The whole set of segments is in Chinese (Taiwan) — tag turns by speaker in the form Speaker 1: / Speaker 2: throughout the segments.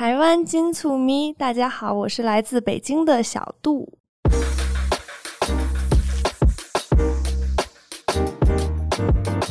Speaker 1: 台灣金醋咪，大家好，我是來自北京的小杜。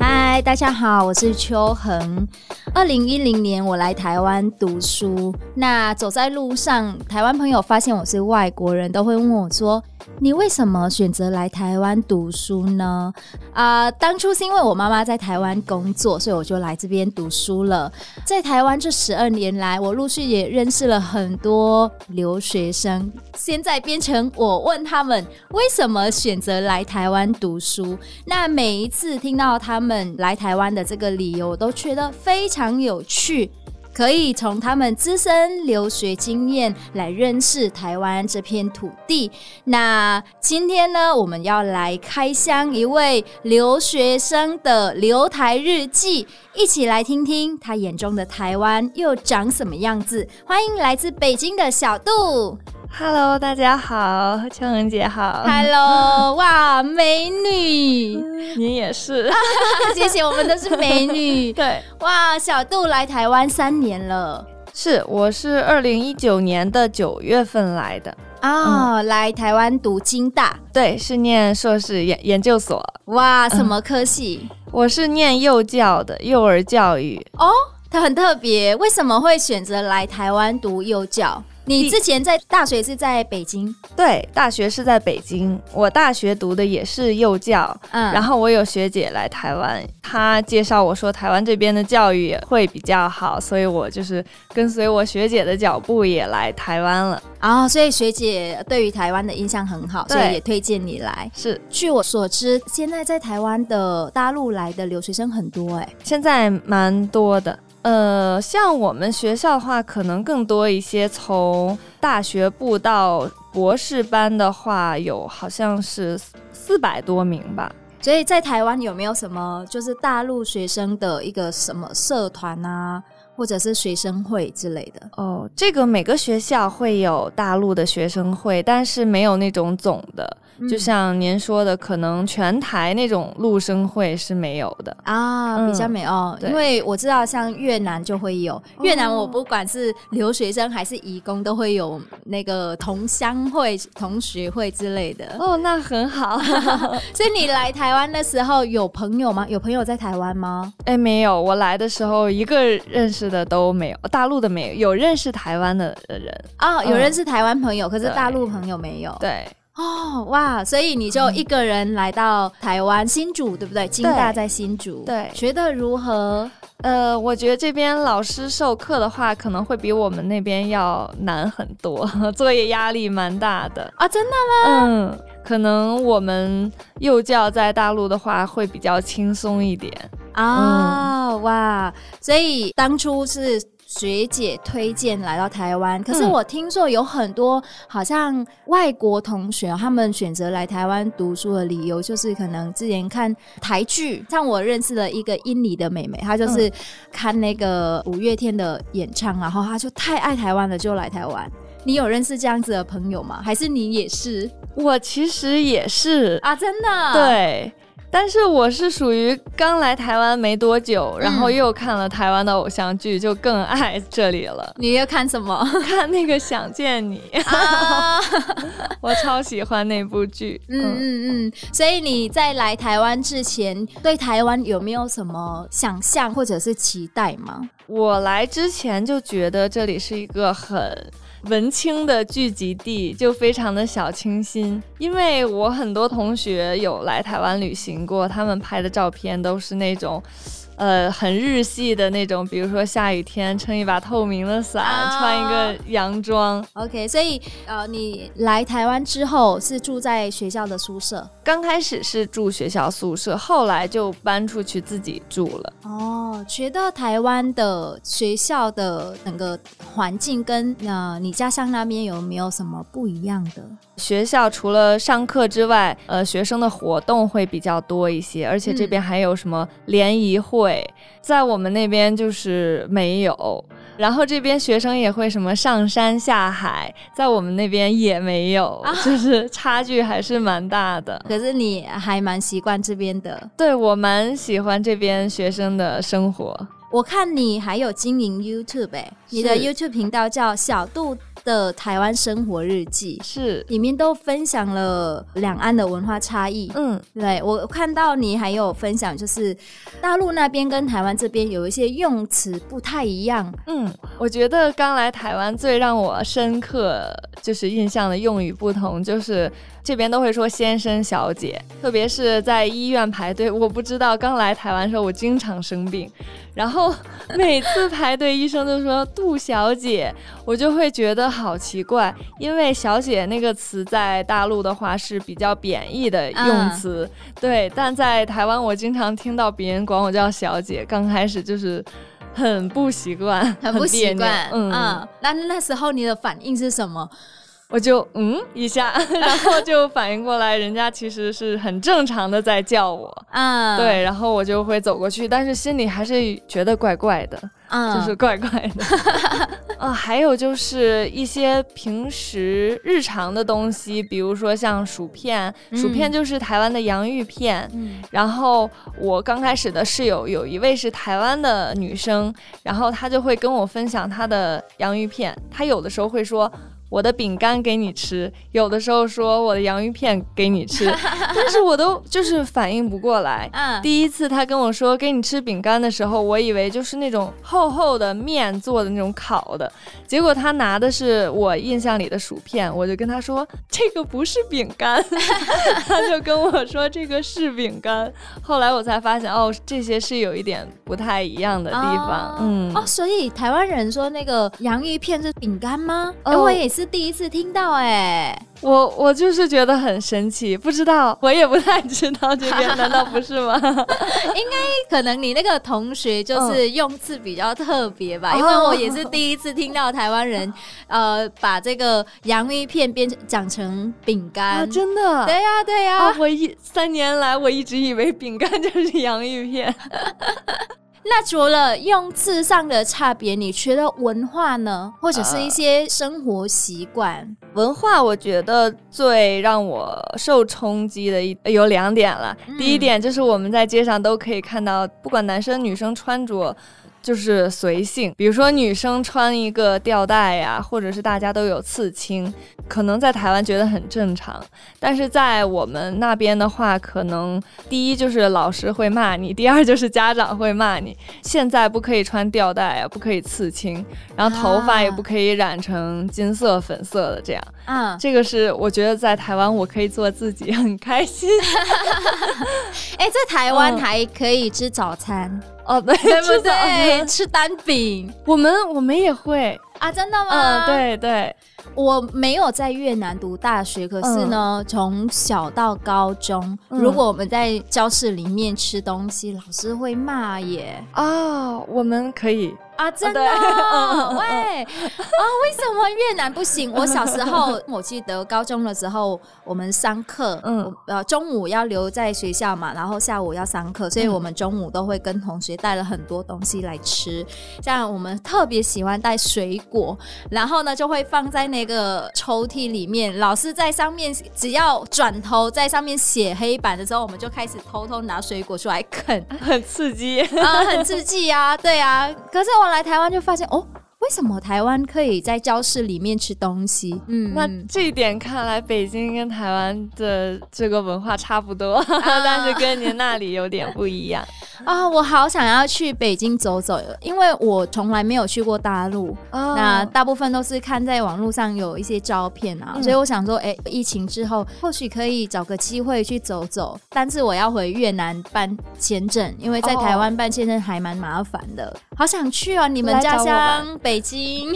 Speaker 2: 嗨，大家好，我是秋恆。二零一零年我來台灣讀書，那走在路上，台灣朋友發現我是外國人，都會問我說。你為什麼選擇來台灣讀書呢？啊、呃，當初是因為我媽媽在台灣工作，所以我就來這邊讀書了。在台灣這十二年來，我陸續也認識了很多留學生。現在變成我問他們為什麼選擇來台灣讀書。那每一次聽到他們來台灣的這個理由，我都覺得非常有趣。可以從他們自身留學經驗來認識台灣這片土地。那今天呢，我們要來開箱一位留學生的留台日記，一起來聽聽他眼中的台灣又長什麼樣子。歡迎來自北京的小杜。Hello，大家好，秋恆姐好。Hello，哇， 美女，嗯，你也是，謝謝，我們都是美女。 對，哇，小杜來台灣三年了。是，
Speaker 1: 我是二零一九年的九月份來的
Speaker 2: 哦、oh, 嗯，來台灣讀金大，對，是念
Speaker 1: 碩士研研究所。
Speaker 2: 哇，什麼科系？嗯？我
Speaker 1: 是念幼教的，幼兒教育。
Speaker 2: 哦，他很特別，為什麼會選擇來台灣讀幼教？你之前在大學是在北京？對，大學是在
Speaker 1: 北京。我大學讀的也是幼教，嗯，然後我有學姐來台灣，她介紹我說台灣這邊的教育也會比較好，所以我就是跟隨我
Speaker 2: 學姐的腳步也來台灣了。啊，所以學姐對於台灣的印象很好，所以也推薦你來。是，據我所知，現在在台灣的大陸來的留學生很多哎，現在蠻多的。呃，像我們學校的話，可
Speaker 1: 能更多一些，從大學部到博士班的話，有好像是四百多名吧。
Speaker 2: 所以在台灣有沒有什麼就是大陸學生的一個什麼社團啊，或者是學生會之類的？哦，這個每個學校會有大陸的學生會，但是沒有那種總
Speaker 1: 的。就像您說的、嗯，可能全台那種陸生會是沒有的啊、
Speaker 2: 嗯，比較沒哦。因為我知道，像越南就會有、哦、越南，我不管是留學生還是移工，哦、都會有那個同鄉會、同學會之類的。哦，那很好。 所以你來台灣的時候有朋友嗎？有朋友在台灣嗎？哎、
Speaker 1: 欸，沒有。我來的時候一個認識的都沒有，大陸的沒有，有
Speaker 2: 認識台灣的人啊、哦嗯，有認識台灣朋友，可是大陸朋友沒有。對。對哦、哇，所以你就一個人來到台灣、嗯、新竹，對不對？清大在新竹對，對，覺得如何？呃，我覺得這邊老師授課的話，可能會比
Speaker 1: 我們那邊要難很多，作業壓力蠻大的啊、哦！真的嗎？嗯，可能我們幼教在大陸的話會比較輕鬆一點
Speaker 2: 啊、哦、嗯、哇，所以當初是。學姐推薦來到台灣，可是我聽說有很多好像外國同學，嗯、他們選擇來台灣讀書的理由就是可能之前看台劇。像我認識了一個印尼的妹妹，她就是看那個五月天的演唱，然後她就太愛台灣了，就來台灣。你有認識這樣子的朋友嗎？還是你也是？我其實也是啊，真的，對。但是我是屬於剛來
Speaker 1: 台灣沒多久，然後又看了台灣的偶像劇，嗯，就更愛這裡了。你又看什麼？看那個《想見你》，啊， 我超喜歡那部劇。嗯
Speaker 2: 嗯嗯，所以你在來台灣之前，對台灣有沒有什麼想象或者是期待嗎？我來之前就覺得這裡
Speaker 1: 是一個很文青的聚集地，就非常的小清新，因為我很多同學有來台灣旅行過，他們拍的照片都是那種。呃，很日系的那種，比如說下雨天撐一把透明的傘
Speaker 2: ，oh. 穿一個洋裝。OK，所以呃，你來台灣之後是住在學校的宿舍？剛開始是住學校宿舍，後來就搬出去自己住了。哦、oh，覺得台灣的學校的整個環境跟呃你家鄉那邊有沒有什麼不一樣的？學校除了
Speaker 1: 上課之外，呃，學生的活動會比較多一些，而且這邊還有什麼聯誼會、嗯，在我們那邊就是沒有。然後這邊學生也會什麼上山下海，在我們那邊也沒有，就是差距還是蠻大的。可是你還蠻習慣這邊的？對我蠻喜歡這邊學生的生活。
Speaker 2: 我看你還有經營 YouTube，你的 YouTube 頻道叫小杜的台灣生活日記，是裡面都分享了兩岸的文化差異。嗯，對，我看到你還有分享，就是大陸那邊跟台灣這邊有一些用詞不太一樣。嗯，我覺得剛
Speaker 1: 來台灣最讓我深刻就是印象的用語不同，就是。這邊都會說先生、小姐，特別是在醫院排隊。我不知道剛來台灣的時候，我經常生病，然後每次排隊，醫生都說“杜小姐”， 我就會覺得好奇怪，因為“小姐”那個詞在大陸的話是比較貶義的用詞，嗯、對。但在台灣，我經常聽到別人管我叫小姐，剛開始就是很不習慣，很不習慣。嗯，
Speaker 2: 嗯啊、那那時候你的反應是什麼？
Speaker 1: 我就嗯一下，然後就反應
Speaker 2: 過來， 人家其實是很正常
Speaker 1: 的在叫我嗯、
Speaker 2: 啊，對，然
Speaker 1: 後我就會走過去，但是心裡還是覺得怪怪的，啊、就是怪怪的。 啊，還有就是一些平時日常的東西，比如說像薯片，嗯、薯片就是台灣的洋芋片。嗯。然後我剛開始的室友有一位是台灣的女生，然後她就會跟我分享她的洋芋片，她有的時候會說。我的餅乾給你吃，有的時候說我的洋芋片給你吃， 但是我都就是反應不過來、嗯。第一次他跟我說給你吃餅乾的時候，我以為就是那種厚厚的麵做的那種烤的，結果他拿的是我印象裡的薯片，我就跟他說這個不是餅乾， 他就跟我說這個是餅乾。後來我才發現哦，這些是有一點不太一樣的地方。哦、嗯，哦，所以台
Speaker 2: 灣人說那個洋芋片是餅乾嗎？因為、哦、也是。
Speaker 1: 第一次聽到哎、欸，我我就是覺得很神奇，不知道，我也不太知道這邊， 難道不是嗎？
Speaker 2: 應該可能你那個同學就是用詞比較特別吧，哦、因為我也是第一次聽到台灣人、哦，呃，把這個洋芋片變成講成餅乾、啊，真的？
Speaker 1: 對呀、啊、對呀、啊啊，我一三年來我一直以為餅乾就是洋芋片。
Speaker 2: 那除了用字上的差別，你覺得文化呢？或者是一些生活習慣？文化我覺得最讓我
Speaker 1: 受衝擊的一有兩點了。嗯。第一點就是我們在街上都可以看到，不管男生女生穿着。就是隨性，比如說女生穿一個吊帶呀，或者是大家都有刺青，可能在台灣覺得很正常，但是在我們那邊的話，可能第一就是老師會罵你，第二就是家長會罵你。現在不可以穿吊帶啊，不可以刺青，然後頭髮也不可以染成金色、粉色的這樣。啊，這個是我覺得在台灣我可以做自己，很
Speaker 2: 開心。誒、 哎，在台灣還可以吃早餐。哦，對，吃吃單餅。嗯，我們我們也會。啊，真的嗎？嗯，對對，我沒有在越南讀大學，可是呢，從、嗯、小到高中、嗯，如果我們在教室裡面吃東西，老師會罵耶。哦，我們可以。啊，真的、哦嗯，喂、嗯嗯嗯，啊，為什麼越南不行？嗯、我小時候我記得高中的時候，我們上課，嗯，呃，中午要留在學校嘛，然後下午要上課，所以我們中午都會跟同學帶了很多東西來吃，嗯、像我們特別喜歡帶水果，然後呢就會放在那個抽屜裡面，老師在上面只要轉頭在上面寫黑板的時候，我們就開始偷偷拿水果出來啃，嗯、很刺激啊、嗯，很刺激啊，對啊，可是我。來台灣就發現哦。為什麼台灣可以在教室裡面吃東西？嗯，那這一點看來北京跟台灣
Speaker 1: 的這個文化差不多，啊、但是跟您那裡有點不一樣
Speaker 2: 啊！我好想要去北京走走，因為我從來沒有去過大陸、啊、那大部分都是看在網絡上有一些照片啊，嗯、所以我想說，哎、欸，疫情之後或許可以找個機會去走走。但是我要回越南辦簽證，因為在台灣辦簽證還蠻麻煩的。好想去啊，你們家鄉北。北京，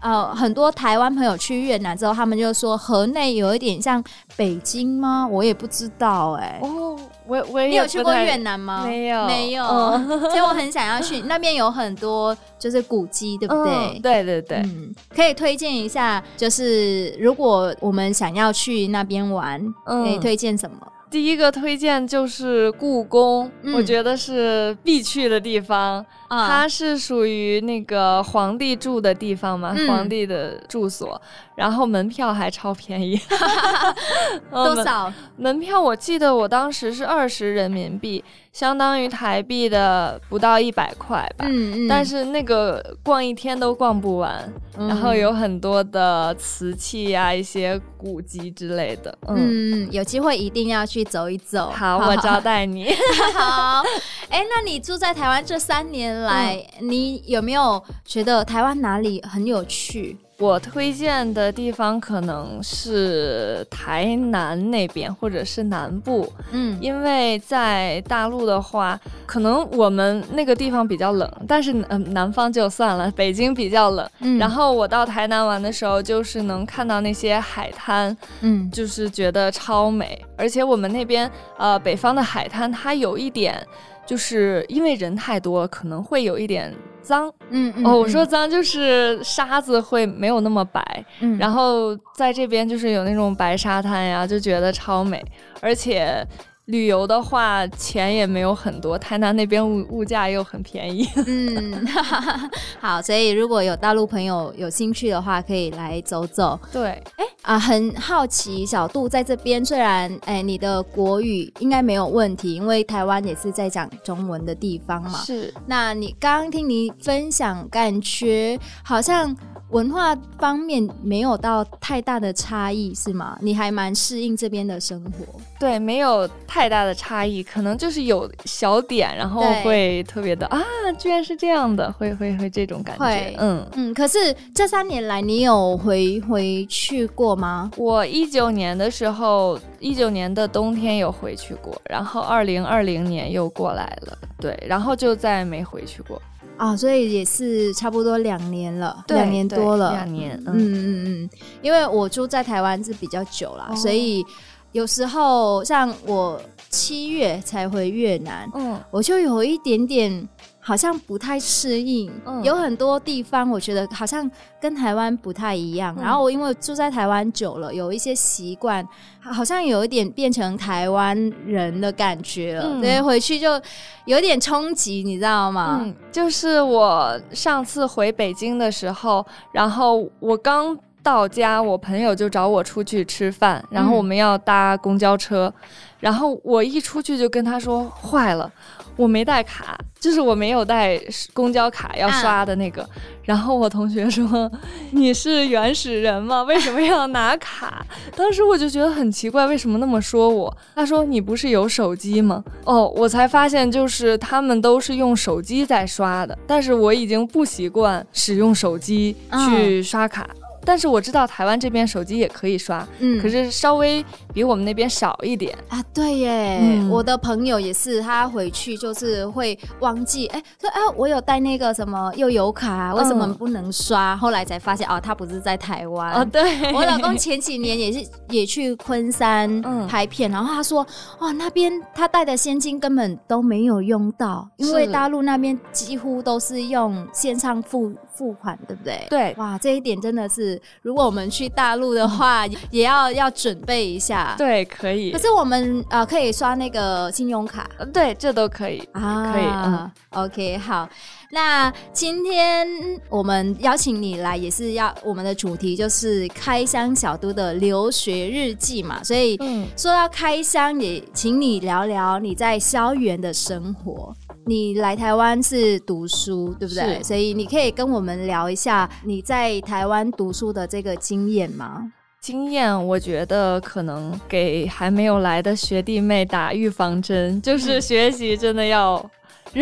Speaker 2: 呃、哦，很多台灣朋友去越南之後，他們就說河內有一點像北京嗎？我也不知道、欸，哎。哦，我我你有去過越南嗎？沒有，沒有。嗯、所以我很想要去 那邊，有很多就是古蹟，對不對？哦、對對對，嗯、可以推薦一下，就是如果我們想要去那邊玩、嗯，可以推薦什麼？第一個推薦就是故宮、嗯，我覺得是必
Speaker 1: 去的地方。它是屬於那個皇帝住的地方嘛。嗯？皇帝的住所，然後門票還超便宜， 多少？嗯？門票我記得我當時是二十人民幣，相當於台幣的不到一百塊吧。嗯嗯。但是那個逛一天都逛不完，嗯，然後有
Speaker 2: 很多的瓷器呀、啊、一些古籍之類的嗯。嗯，有機會一定要去走一走。好，我招待你。好，好，哎， 那你住在台灣這三年。來，你有沒有覺得台灣哪裡很有趣？
Speaker 1: 我推薦的地方可能是台南那邊，或者是南部。嗯，因為在大陸的話，可能我們那個地方比較冷，但是嗯，呃，南方就算了。北京比較冷，嗯，然後我到台南玩的時候，就是能看到那些海灘，嗯，就是覺得超美。而且我們那邊呃，北方的海灘它有一點。就是因為人太多，可能會有一點髒。
Speaker 2: 嗯，嗯，哦，我說
Speaker 1: 髒就是沙子會沒有那麼白。嗯，然後在這邊就是有那種白沙灘呀，就覺得超美，而且。旅遊的話，錢也沒有很多，台南那邊物物
Speaker 2: 價又很便宜。嗯哈哈，好，所以如果有大陸朋友有興趣的話，可以來走走。對，哎、呃、啊，很好奇，小杜在這邊，雖然哎、欸，你的國語應該沒有問題，因為台灣也是在講中文的地方嘛。是，那你剛剛聽你分享，感覺好像。文化方面沒有到太大的差異，是嗎？你還蠻適應這邊的生活？
Speaker 1: 對，沒有太大的差異，可能就是有小點，然後會特別的啊，居然是這樣的，會會會這種感覺。對，
Speaker 2: 嗯嗯。可是這三年來，你有回回去過嗎？我一九年的時候，一
Speaker 1: 九年的冬天有回去過，然後二零二零年又過來了，對，然後
Speaker 2: 就再沒回去過。啊、哦，所以也是差不多兩年了，兩年多了，兩年，嗯嗯嗯，因為我住在台灣是比較久啦、哦，所以有時候像我七月才回越南，嗯，我就有一點點。好像不太適應，嗯，有很多地方我覺得好像跟台灣不太一樣，嗯。然後我因為住在台灣久了，有一些習慣，好像有一點變成台灣人的感覺了。所以，嗯，回去就有點衝擊，你知道嗎？嗯？就是我上次回北京的時候，然後
Speaker 1: 我剛。到家，我朋友就找我出去吃飯，然後我們要搭公交車。嗯，然後我一出去就跟他說：“壞了，我沒帶卡，就是我沒有帶公交卡要刷的那個。”啊，然後我同學說：“你是原始人嗎？為什麼要拿卡？”啊，當時我就覺得很奇怪，為什麼那麼說我？他說：“你不是有手機嗎？”哦，我才發現就是他們都是用手機在刷的，但是我已經不習慣使用手機去刷卡。嗯。但是我知道台灣這邊手機也可以刷，嗯，可是稍微比我們那邊少一點啊。
Speaker 2: 對耶，嗯，我的朋友也是，他回去就是會忘記，哎，欸，說哎，啊，我有帶那個什麼悠遊卡，嗯，為什麼不能刷？後來才發現哦，他不是在台灣。哦，對，我老公前幾年也是也去昆山拍片，嗯，然後他說，哦，那邊他帶的現金根本都沒有用到，因為大陸那邊幾乎都是用線上付。付款對不對？對，哇，這一點真的是，如果我們去大陸的話，嗯、也要要準備一下。對，
Speaker 1: 可以。可是
Speaker 2: 我們啊、呃，可以刷那個信用卡，對，這都可以啊，可以啊、嗯。OK，好，那今天我們邀請你來，也是要我們的主題就是開箱小都的留學日記嘛，所以說到開箱，也請你聊聊你在校園的生活。你來台灣是讀書，對不對？所以你可以跟我們聊一下你在台灣讀書的這個經驗嗎？
Speaker 1: 經驗，我覺得可能給還沒有來的學弟妹打預防針，就是學習真的要、嗯。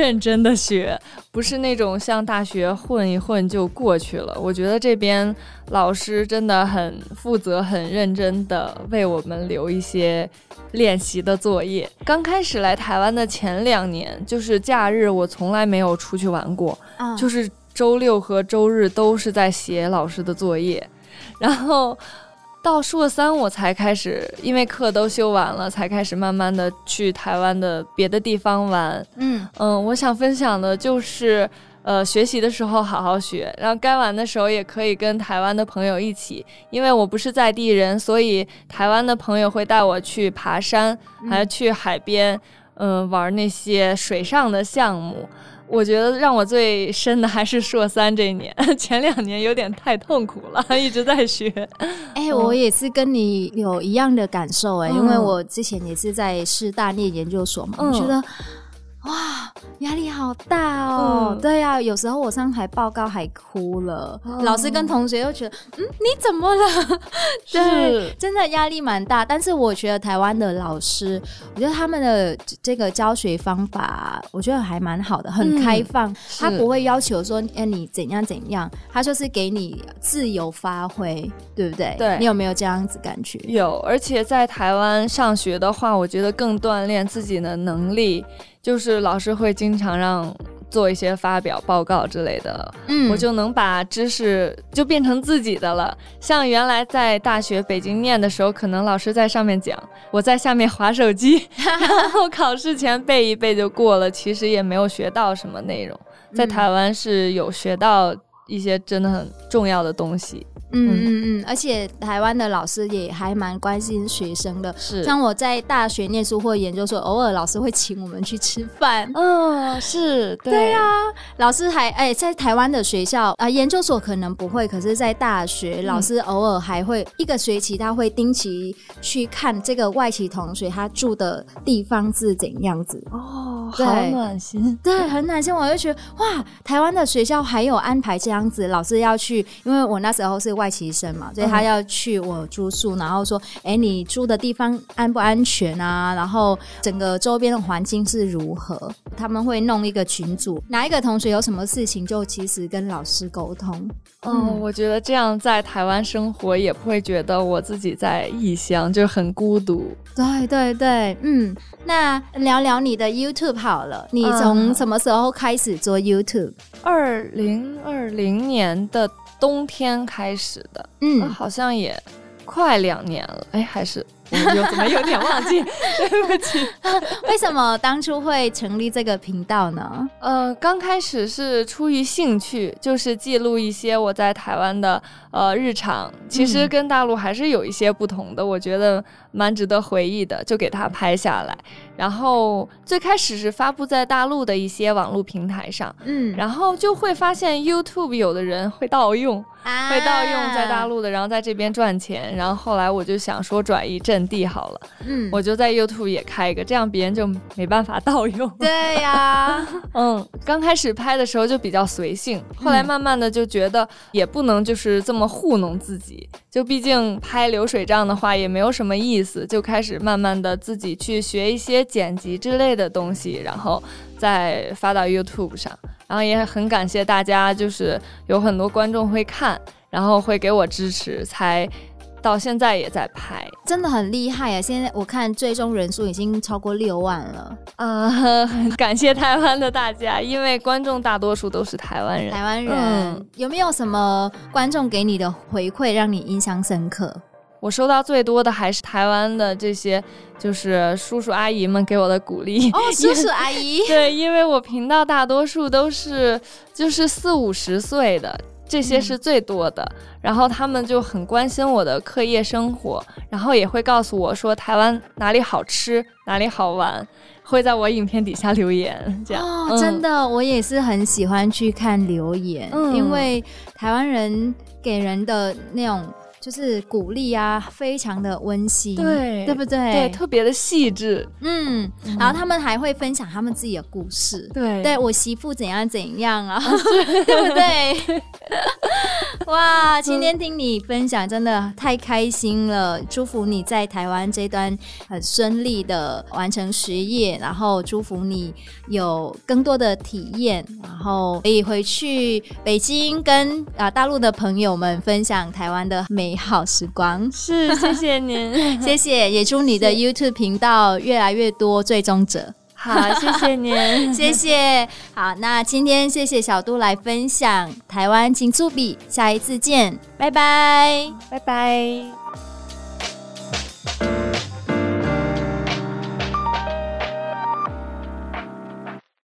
Speaker 1: 認真的學，不是那種像大學混一混就過去了。我覺得這邊老師真的很負責，很認真的為我們留一些練習的作業。剛開始來台灣的前兩年，就是假日我從來沒有出去玩過，嗯、就是週六和週日都是在寫老師的作業，然後。到碩三我才開始，因為課都修完了，才開始慢慢的去台灣的別的地方玩。嗯嗯，我想分享的就是，呃，學習的時候好好學，然後該玩的時候也可以跟台灣的朋友一起。因為我不是在地人，所以台灣的朋友會帶我去爬山，嗯、還去海邊，嗯、呃，玩那些水上的項目。我覺得讓我最深的還是碩三這一年，前兩年有點太痛苦了，一直在學。哎、 欸嗯，我也
Speaker 2: 是跟你有一樣的感受哎。欸嗯，因為我之前也是在師大念研究所嘛，嗯、我覺得。哇，壓力好大哦！嗯、對呀、啊，有時候我上台報告，還哭了，嗯，老師跟同學又覺得，嗯，你怎麼了？ 對，真的壓力蠻大。但是我覺得台灣的老師，我覺得他們的這個教學方法，我覺得還蠻好的，很開放。嗯、他不會要求說，哎，你怎樣怎樣，他就是給你自由發揮，對不對？對，你有沒有這樣子感覺？有。
Speaker 1: 而且在台灣上學的話，我覺得更鍛鍊自己的能力。就是老師會經常讓做一些發表報告之類的，嗯，我就能把知識就變成自己的了。像原來在大學北京念的時候，可能老師在上面講，我在下面滑手機， 然後考試前背一背就過了，其實也沒有學到什麼內容。在台灣是有學到一些真的很重要的東西。
Speaker 2: 嗯嗯嗯，而且台灣的老師也還蠻關心學生的，是。像我在大學念書或研究所，偶爾老師會請我們去吃飯。嗯，是對對呀、啊，老師還哎、欸，在台灣的學校啊、呃，研究所可能不會，可是在大學、嗯、老師偶爾還會一個學期，他會定期去看這個外籍同學他住的地方是怎樣子。哦，好暖心。對，很暖心。我就覺得哇，台灣的學校還有安排這樣子，老師要去，因為我那時候是外。外籍生嘛，所以他要去我住宿，嗯、然後說：“哎，你住的地方安不安全啊？然後整個周邊的環境是如何？”他們會弄一個群組，哪一個同學有什麼事情，就及時跟老師溝通。嗯，哦、我覺得這樣
Speaker 1: 在台灣生活也不會覺得我自己在
Speaker 2: 異鄉就很孤獨。對對對，嗯，那聊聊你的 YouTube 好了。你從什麼時候開始做 YouTube？二零二零年的。冬天開始的，嗯，那、啊、好像也快兩年了，哎，還是。有 怎麼有點忘記，對不起。 為什麼當初會成立這個頻道呢？呃，
Speaker 1: 剛開始是出於興趣，就是記錄一些我在台灣的呃日常，其實跟大陸還是有一些不同的、嗯，我覺得蠻值得回憶的，就給它拍下來。然後最開始是發布在大陸的一些網絡平台上，嗯，然後就會發現 YouTube 有的人會盜用。會盜用在大陸的、啊，然後在這邊賺錢，然後後來我就想說轉移陣地好了，嗯，我就在 YouTube 也開一個，這樣別人就沒辦法盜用了。對呀、啊， 嗯，剛開始拍的時候就比較隨性，後來慢慢的就覺得也不能就是這麼糊弄自己，嗯、就畢竟拍流水賬的話也沒有什麼意思，就開始慢慢的自己去學一些剪輯之類的東西，然後再發到 YouTube 上。然後也很感謝大家，就是有很多觀眾會看，然後會給我支持，才到現在也在拍，
Speaker 2: 真的很厲害啊！現在我看最終人數已經超過六萬了，啊、呃、 感謝台灣的大家，因為觀眾大多數都是台灣人。嗯、台灣人、嗯、有沒有什麼觀眾給你的回饋讓你印象深刻？我收到最多的還是台灣的這些，
Speaker 1: 就是叔叔阿姨們給我的鼓勵。哦，叔叔阿姨。 對，因為我頻道大多數都是就是四五十歲的，這些是最多的。嗯。然後他們就很關心我的課業生活，然後也會告訴我說台灣哪裡好吃，哪裡好玩，會在我影片底下留言。這樣哦、嗯，真
Speaker 2: 的，我也是很喜歡去看留言，嗯、因為台灣人給人的那種。就是鼓勵啊，非常的溫馨，對，對不對？對，特別的細緻，嗯。然後他們還會分享他們自己的故事，嗯、對，對我媳婦怎樣怎樣啊，對，對不對？ 哇，今天聽你分享真的太開心了，祝福你在台灣這段很順利的完成學業，然後祝福你有更多的體驗，然後可以回去北京跟啊大陸的朋友們分享台灣的美。美好時光是，謝謝您， 謝謝，也祝你的 YouTube 頻道越來越多追蹤者。 好，謝謝您， 謝謝。好，那今天謝謝小杜來分享台灣青粗筆，下一次見，拜拜，拜拜。